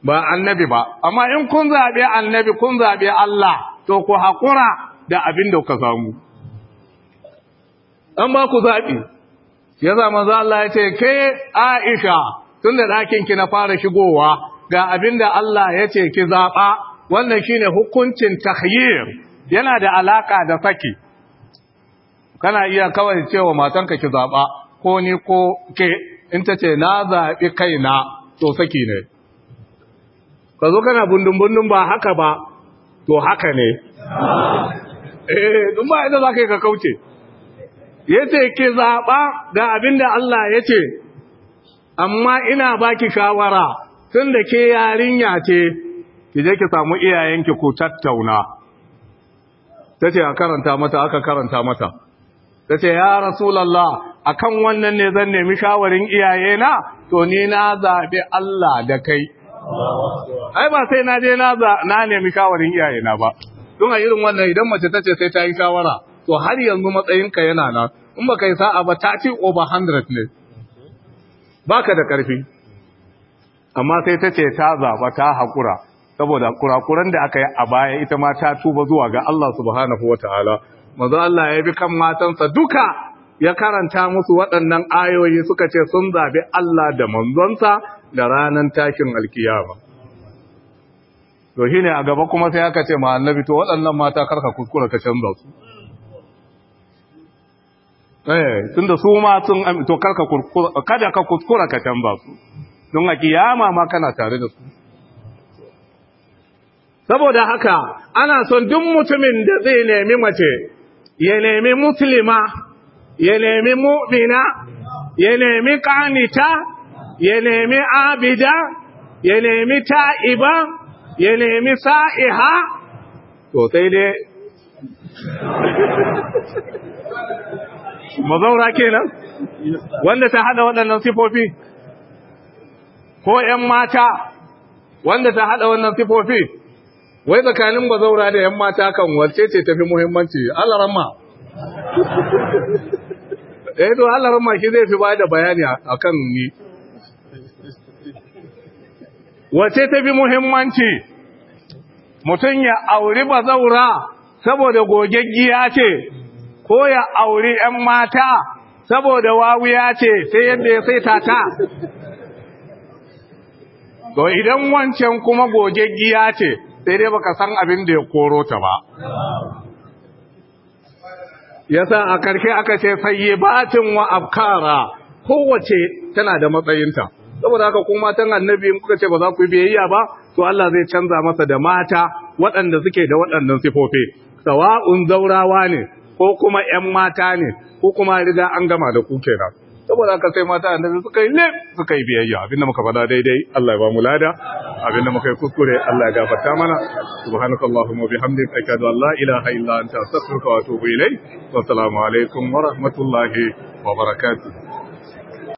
ba annabi ba amma in kun zaɓe annabi kun zaɓe Allah to ku haƙura da abin da kuka samu an ba ku zaɓi ya zama za Allah ya ce ke Aisha tun da ɗakinki na fara shigowa ga abin da Allah ya ce ki zaɓa wannan shine hukuncin tahyir yana da alaka da saki kana iya kawai cewa matanka ki zaba ko ni ko ke in ta ce na zaɓi kaina to saki ne ka zo kana bundun-bundun ba haka ba to haka ne eh dun ba idan zaka ka kauce yace ce ki zaba, ga abinda Allah yace amma ina baki shawara tun da ke yarinya ce ki je ki samu iyayenki ku tattauna tace a karanta mata aka karanta mata tace ya rasulullah akan wannan ne zan nemi shawarin iyayena to ni na zabi Allah da kai ai ba sai na je na na nemi shawarin iyayena ba don a irin wannan idan mace tace sai ta yi shawara to har yanzu matsayinka yana nan in baka yi sa'a ba 30 over 100 ne baka da karfi amma sai tace ta zaba ta hakura saboda kurakuran da aka yi a baya ita ma ta tuba zuwa ga Allah subhanahu wataala manzo Allah ya bi kan matansa duka ya karanta musu waɗannan ayoyi suka ce sun zabi Allah da manzonsa da ranan tashin alkiyama to shine a gaba kuma sai aka ce ma annabi to waɗannan mata karka kuskura ka canza su eh tunda su ma sun to karka kuskura kada ka kuskura ka canza su don a kiyama ma kana tare da su saboda haka ana son duk mutumin da zai nemi mace ya nemi muslima ya nemi mu'mina ya nemi qanita ya nemi abida ya nemi ta'iba ya nemi sa'iha to sai dai [LAUGHS] mazaura kenan wanda ta hada waɗannan sifofi ko ‘yan mata wanda ta hada wannan sifofi wai tsakanin bazaura da yan mata kan wace ce tafi muhimmanci Allah ramma eh to Allah ramma ki zai fi bada bayani akan ni wace tafi muhimmanci mutum ya auri bazaura saboda gogeggiya ce ko ya auri yan mata saboda wawiya ce sai yadda ya saita ta to idan wancan kuma gogeggiya ce sai dai baka san abin da ya koro ta ba yasa a karke aka ce sayyibatin wa afkara kowace tana da matsayinta saboda haka kuma tan annabi in kuka ce ba za ku yi biyayya ba to Allah zai canza masa da mata waɗanda suke da waɗannan sifofi sawa'un zaurawa ne ko kuma ƴan mata ne ko kuma riga an gama da ku kenan saboda haka sai mata annabi suka yi lif suka yi biyayya abinda muka faɗa daidai Allah ya ba mu lada abinda muka yi kuskure Allah ya gafarta mana subhanakallahumma bihamdika ashhadu an la ilaha illa anta astaghfiruka wa atubu ilayk wa assalamu alaikum wa rahmatullahi wa barakatuh